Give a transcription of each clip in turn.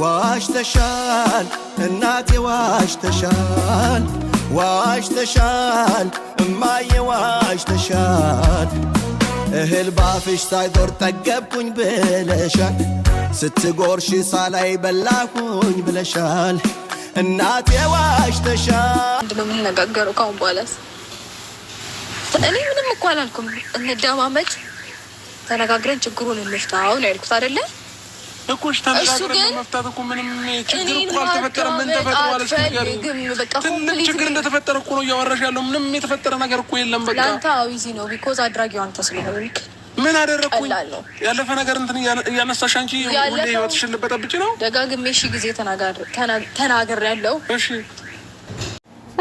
ዋሽተሻል እናቴ ዋሽተሻል ዋሽተሻል እማዬ ዋሽተሻል እህል ባፍሽ ሳይዞር ጠገብኩኝ ብለሻል ስትጎርሽ ሳላይ በላኩኝ ብለሻል እናቴ ዋሽተሻል። ምንድን ነው የምንነጋገረው ካሁን በኋላስ? እኔ ምንም እኮ አላልኩም። እንደማመጭ ተነጋግረን ችግሩን እንፍታው ነው ያልኩት አይደለ? እኮሽ ተነጋግረን መፍታት እኮ ምንም ችግር እኮ አልተፈጠረም። ምን ተፈጥሯል? ትንሽ ችግር እንደተፈጠረ እኮ ነው እያወራሽ ያለው። ምንም የተፈጠረ ነገር እኮ የለም። በቃ ለአንተ አዊዚ ነው ቢኮዝ አድራጊው አንተ ስለሆንክ ምን አደረግኩኝ? ያለፈ ነገር እንትን እያነሳሽ አንቺ ሁሌ ህይወትሽን ልበጠብጭ ነው። ደጋግሜ ሺ ጊዜ ተናግሬያለሁ። እሺ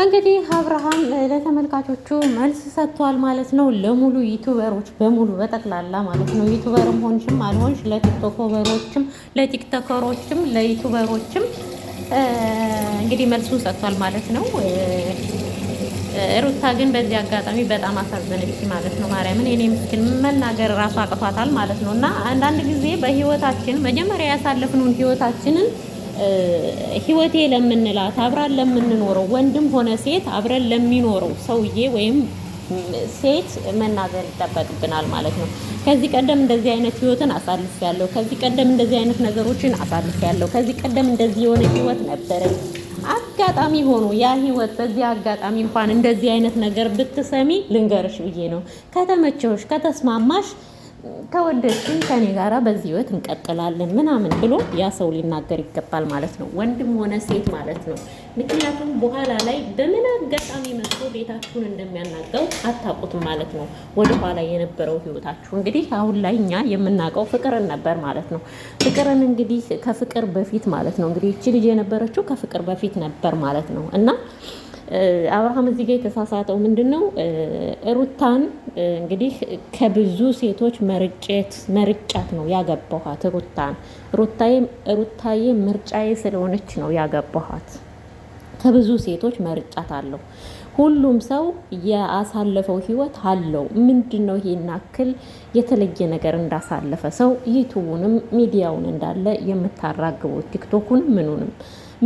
እንግዲህ አብርሃም ለተመልካቾቹ መልስ ሰጥቷል ማለት ነው። ለሙሉ ዩቱበሮች በሙሉ በጠቅላላ ማለት ነው። ዩቱበርም ሆንሽም አልሆንሽ ለቲክቶከሮችም ለቲክቶከሮችም ለዩቱበሮችም እንግዲህ መልሱን ሰጥቷል ማለት ነው። ሩታ ግን በዚህ አጋጣሚ በጣም አሳዘነች ማለት ነው። ማርያምን የኔ ምስኪን መናገር ራሱ አቅቷታል ማለት ነው። እና አንዳንድ ጊዜ በህይወታችን መጀመሪያ ያሳለፍነውን ህይወታችንን ህይወቴ ለምንላት አብራን ለምንኖረው ወንድም ሆነ ሴት አብረን ለሚኖረው ሰውዬ ወይም ሴት መናገር ይጠበቅብናል ማለት ነው። ከዚህ ቀደም እንደዚህ አይነት ህይወትን አሳልፍ ያለው፣ ከዚህ ቀደም እንደዚህ አይነት ነገሮችን አሳልፍ ያለው፣ ከዚህ ቀደም እንደዚህ የሆነ ህይወት ነበረ። አጋጣሚ ሆኖ ያ ህይወት በዚህ አጋጣሚ እንኳን እንደዚህ አይነት ነገር ብትሰሚ ልንገርሽ ብዬ ነው። ከተመቸውሽ ከተስማማሽ ከወደድሽኝ ከኔ ጋራ በዚህ ህይወት እንቀጥላለን ምናምን ብሎ ያ ሰው ሊናገር ይገባል ማለት ነው። ወንድም ሆነ ሴት ማለት ነው። ምክንያቱም በኋላ ላይ በምን አጋጣሚ መጥቶ ቤታችሁን እንደሚያናገው አታውቁትም ማለት ነው። ወደኋላ የነበረው ህይወታችሁ እንግዲህ አሁን ላይ እኛ የምናውቀው ፍቅርን ነበር ማለት ነው። ፍቅርን እንግዲህ ከፍቅር በፊት ማለት ነው እንግዲህ እቺ ልጅ የነበረችው ከፍቅር በፊት ነበር ማለት ነው እና አብርሃም እዚህ ጋር የተሳሳተው ምንድን ነው? ሩታን እንግዲህ ከብዙ ሴቶች መርጨት መርጫት ነው ያገባኋት። ሩታን ሩታዬ ምርጫዬ ስለሆነች ነው ያገባኋት። ከብዙ ሴቶች መርጫት አለው። ሁሉም ሰው የአሳለፈው ህይወት አለው። ምንድን ነው ይሄን አክል የተለየ ነገር እንዳሳለፈ ሰው ዩቱቡንም ሚዲያውን እንዳለ የምታራግቡት ቲክቶኩን ምኑንም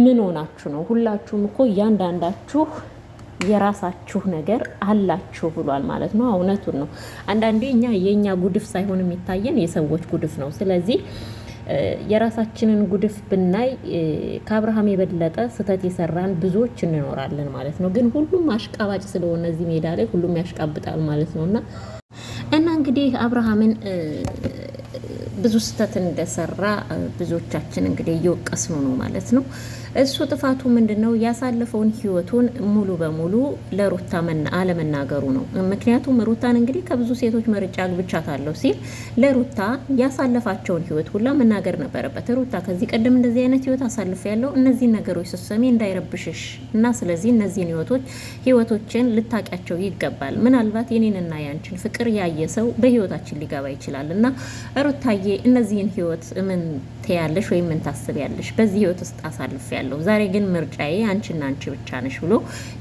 ምን ሆናችሁ ነው? ሁላችሁም እኮ እያንዳንዳችሁ የራሳችሁ ነገር አላችሁ ብሏል ማለት ነው። እውነቱን ነው። አንዳንዴ እኛ የእኛ ጉድፍ ሳይሆን የሚታየን የሰዎች ጉድፍ ነው። ስለዚህ የራሳችንን ጉድፍ ብናይ ከአብርሃም የበለጠ ስህተት የሰራን ብዙዎች እንኖራለን ማለት ነው። ግን ሁሉም አሽቃባጭ ስለሆነ እዚህ ሜዳ ላይ ሁሉም ያሽቃብጣል ማለት ነው እና እና እንግዲህ አብርሃምን ብዙ ስህተት እንደሰራ ብዙዎቻችን እንግዲህ እየወቀስኑ ነው ማለት ነው። እሱ ጥፋቱ ምንድን ነው? ያሳለፈውን ህይወቱን ሙሉ በሙሉ ለሩታ አለመናገሩ ነው። ምክንያቱም ሩታን እንግዲህ ከብዙ ሴቶች መርጫ አግብቻታለሁ ሲል ለሩታ ያሳለፋቸውን ህይወት ሁላ መናገር ነበረበት። ሩታ ከዚህ ቀደም እንደዚህ አይነት ህይወት አሳልፍ ያለው እነዚህን ነገሮች ስትሰሚ እንዳይረብሽሽ እና ስለዚህ እነዚህን ህይወቶች ህይወቶችን ልታውቂያቸው ይገባል። ምናልባት የኔንና ያንችን ፍቅር ያየ ሰው በህይወታችን ሊገባ ይችላል እና ሩታዬ እነዚህን ህይወት ምን ትያለሽ ወይም ምን ታስቢያለሽ? በዚህ ህይወት ውስጥ አሳልፍ ያለሁ ዛሬ ግን ምርጫዬ አንቺና አንቺ ብቻ ነሽ ብሎ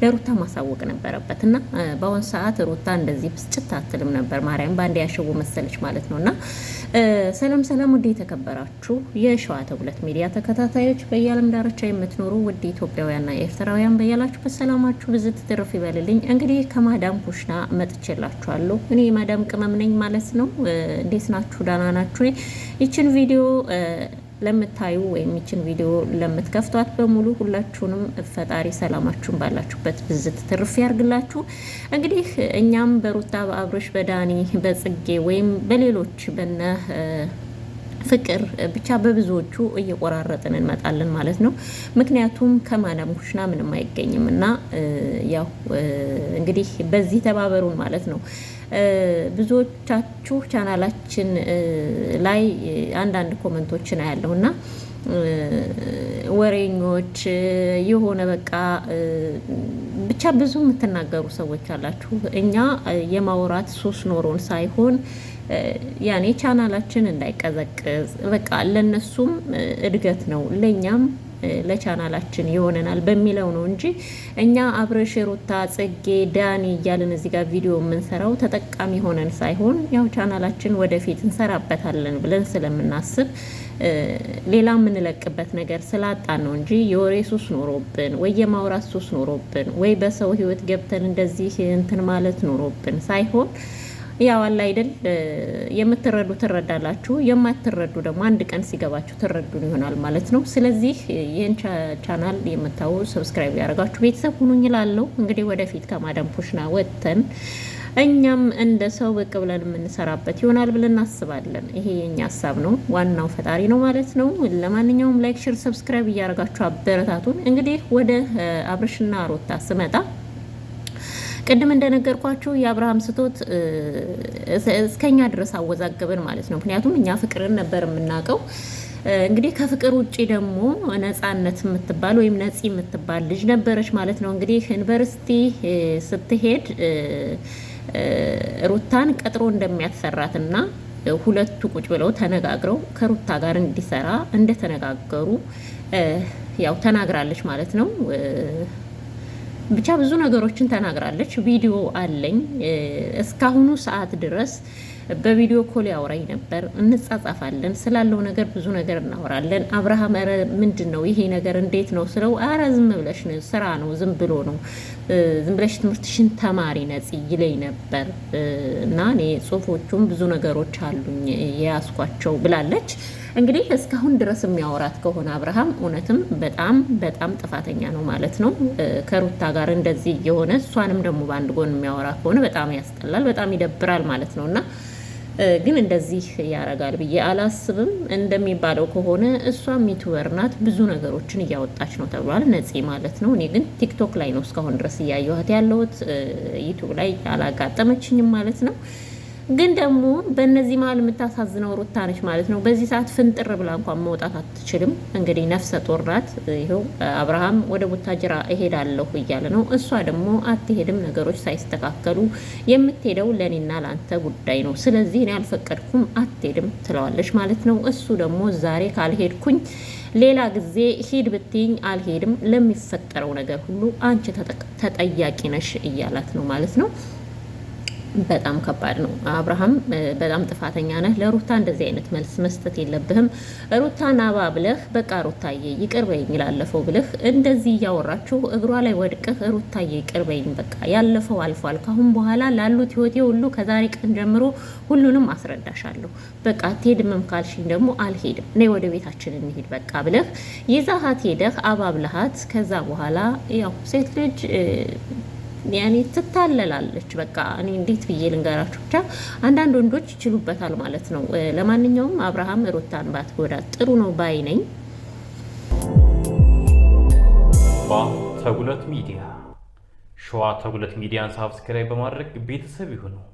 ለሩታ ማሳወቅ ነበረበት እና በአሁን ሰዓት ሩታ እንደዚህ ብስጭት አትልም ነበር። ማርያም በአንድ ያሸው መሰለች ማለት ነው እና ሰላም ሰላም፣ ውድ የተከበራችሁ የሸዋ ተጉለት ሚዲያ ተከታታዮች በየዓለም ዳርቻ የምትኖሩ ውድ ኢትዮጵያውያንና ኤርትራውያን በያላችሁ በሰላማችሁ ብዝት ትትርፍ ይበልልኝ። እንግዲህ ከማዳም ኩሽና መጥቼላችኋለሁ። እኔ ማዳም ቅመም ነኝ ማለት ነው። እንዴት ናችሁ? ደህና ናችሁ? ይችን ቪዲዮ ለምታዩ ወይም ይችን ቪዲዮ ለምትከፍቷት በሙሉ ሁላችሁንም ፈጣሪ ሰላማችሁን ባላችሁበት ብዝት ትርፍ ያርግላችሁ። እንግዲህ እኛም በሩታ በአብርሽ በዳኒ በጽጌ ወይም በሌሎች በነ ፍቅር ብቻ በብዙዎቹ እየቆራረጥን እንመጣለን ማለት ነው። ምክንያቱም ከማዳም ኩሽና ምንም አይገኝም እና ያው እንግዲህ በዚህ ተባበሩን ማለት ነው። ብዙዎቻችሁ ቻናላችን ላይ አንዳንድ ኮመንቶችን አያለሁ እና ወሬኞች የሆነ በቃ ብቻ ብዙ የምትናገሩ ሰዎች አላችሁ። እኛ የማውራት ሱስ ኖሮን ሳይሆን ያኔ ቻናላችን እንዳይቀዘቅዝ በቃ ለነሱም እድገት ነው ለእኛም ለቻናላችን ይሆነናል በሚለው ነው እንጂ እኛ አብረሽ፣ ሩታ፣ ጽጌ፣ ዳኒ እያለን እዚህ ጋር ቪዲዮ የምንሰራው ተጠቃሚ ሆነን ሳይሆን ያው ቻናላችን ወደፊት እንሰራበታለን ብለን ስለምናስብ ሌላ የምንለቅበት ነገር ስላጣን ነው እንጂ የወሬ ሱስ ኖሮብን ወይ የማውራት ሱስ ኖሮብን ወይ በሰው ህይወት ገብተን እንደዚህ እንትን ማለት ኖሮብን ሳይሆን ያው አለ አይደል የምትረዱ ትረዳላችሁ፣ የማትረዱ ደግሞ አንድ ቀን ሲገባችሁ ትረዱን ይሆናል ማለት ነው። ስለዚህ ይህን ቻናል የምታው ሰብስክራይብ ያደርጋችሁ ቤተሰብ ሁኑኝ እላለሁ። እንግዲህ ወደፊት ከማዳም ፖሽና ወጥተን እኛም እንደ ሰው ብቅ ብለን የምንሰራበት ይሆናል ብለን እናስባለን። ይሄ የኛ ሀሳብ ነው። ዋናው ፈጣሪ ነው ማለት ነው። ለማንኛውም ላይክ፣ ሼር፣ ሰብስክራይብ እያደረጋችሁ አበረታቱን። እንግዲህ ወደ አብርሽና ሮታ ስመጣ ቅድም እንደነገርኳችሁ የአብርሃም ስቶት እስከኛ ድረስ አወዛገበን ማለት ነው። ምክንያቱም እኛ ፍቅርን ነበር የምናውቀው። እንግዲህ ከፍቅር ውጭ ደግሞ ነፃነት የምትባል ወይም ነፂ የምትባል ልጅ ነበረች ማለት ነው። እንግዲህ ዩኒቨርሲቲ ስትሄድ ሩታን ቀጥሮ እንደሚያሰራትና ሁለቱ ቁጭ ብለው ተነጋግረው ከሩታ ጋር እንዲሰራ እንደተነጋገሩ ያው ተናግራለች ማለት ነው። ብቻ ብዙ ነገሮችን ተናግራለች። ቪዲዮ አለኝ እስካሁኑ ሰዓት ድረስ በቪዲዮ ኮል ያወራኝ ነበር። እንጻጻፋለን፣ ስላለው ነገር ብዙ ነገር እናወራለን። አብርሃም ኧረ ምንድን ነው ይሄ ነገር እንዴት ነው ስለው፣ ኧረ ዝም ብለሽ ስራ ነው ዝም ብሎ ነው ዝም ብለሽ ትምህርትሽን ተማሪ ነጽ ይለኝ ነበር እና እኔ ጽሁፎቹም ብዙ ነገሮች አሉኝ የያዝኳቸው ብላለች። እንግዲህ እስካሁን ድረስ የሚያወራት ከሆነ አብርሃም እውነትም በጣም በጣም ጥፋተኛ ነው ማለት ነው። ከሩታ ጋር እንደዚህ የሆነ እሷንም ደግሞ በአንድ ጎን የሚያወራ ከሆነ በጣም ያስጠላል፣ በጣም ይደብራል ማለት ነው እና ግን እንደዚህ ያረጋል ብዬ አላስብም። እንደሚባለው ከሆነ እሷም ሚትወር ናት፣ ብዙ ነገሮችን እያወጣች ነው ተብሏል። ነፂ ማለት ነው። እኔ ግን ቲክቶክ ላይ ነው እስካሁን ድረስ እያየኋት ያለሁት፣ ዩቱብ ላይ አላጋጠመችኝም ማለት ነው። ግን ደግሞ በእነዚህ መሀል የምታሳዝነው ሩታ ነች ማለት ነው። በዚህ ሰዓት ፍንጥር ብላ እንኳን መውጣት አትችልም። እንግዲህ ነፍሰ ጡር ናት። ይኸው አብርሃም ወደ ቡታጅራ እሄዳለሁ እያለ ነው። እሷ ደግሞ አትሄድም፣ ነገሮች ሳይስተካከሉ የምትሄደው ለእኔና ለአንተ ጉዳይ ነው፣ ስለዚህ እኔ አልፈቀድኩም፣ አትሄድም ትለዋለች ማለት ነው። እሱ ደግሞ ዛሬ ካልሄድኩኝ ሌላ ጊዜ ሂድ ብትይኝ አልሄድም፣ ለሚፈጠረው ነገር ሁሉ አንቺ ተጠያቂ ነሽ እያላት ነው ማለት ነው። በጣም ከባድ ነው። አብርሃም በጣም ጥፋተኛ ነህ። ለሩታ እንደዚህ አይነት መልስ መስጠት የለብህም። ሩታ ናባ ብለህ በቃ ሩታዬ ይቅር በይኝ ላለፈው ብለህ እንደዚህ እያወራችሁ እግሯ ላይ ወድቀህ ሩታዬ ይቅር በይኝ በቃ ያለፈው አልፏል። ካሁን በኋላ ላሉት ህይወቴ ሁሉ ከዛሬ ቀን ጀምሮ ሁሉንም አስረዳሻለሁ። በቃ አትሄድምም ካልሽኝ ደግሞ አልሄድም፣ እኔ ወደ ቤታችን እንሄድ በቃ ብለህ ይዛሃት ሄደህ አባብለሃት ከዛ በኋላ ያው ሴት ልጅ ያኔ ትታለላለች። በቃ እኔ እንዴት ብዬ ልንገራችሁ። ብቻ አንዳንድ ወንዶች ይችሉበታል ማለት ነው። ለማንኛውም አብርሃም ሩታን ባትጎዳ ጥሩ ነው ባይ ነኝ። ተጉለት ሚዲያ ሸዋ ተጉለት ሚዲያን ሳብስክራይብ በማድረግ ቤተሰብ ይሁነው።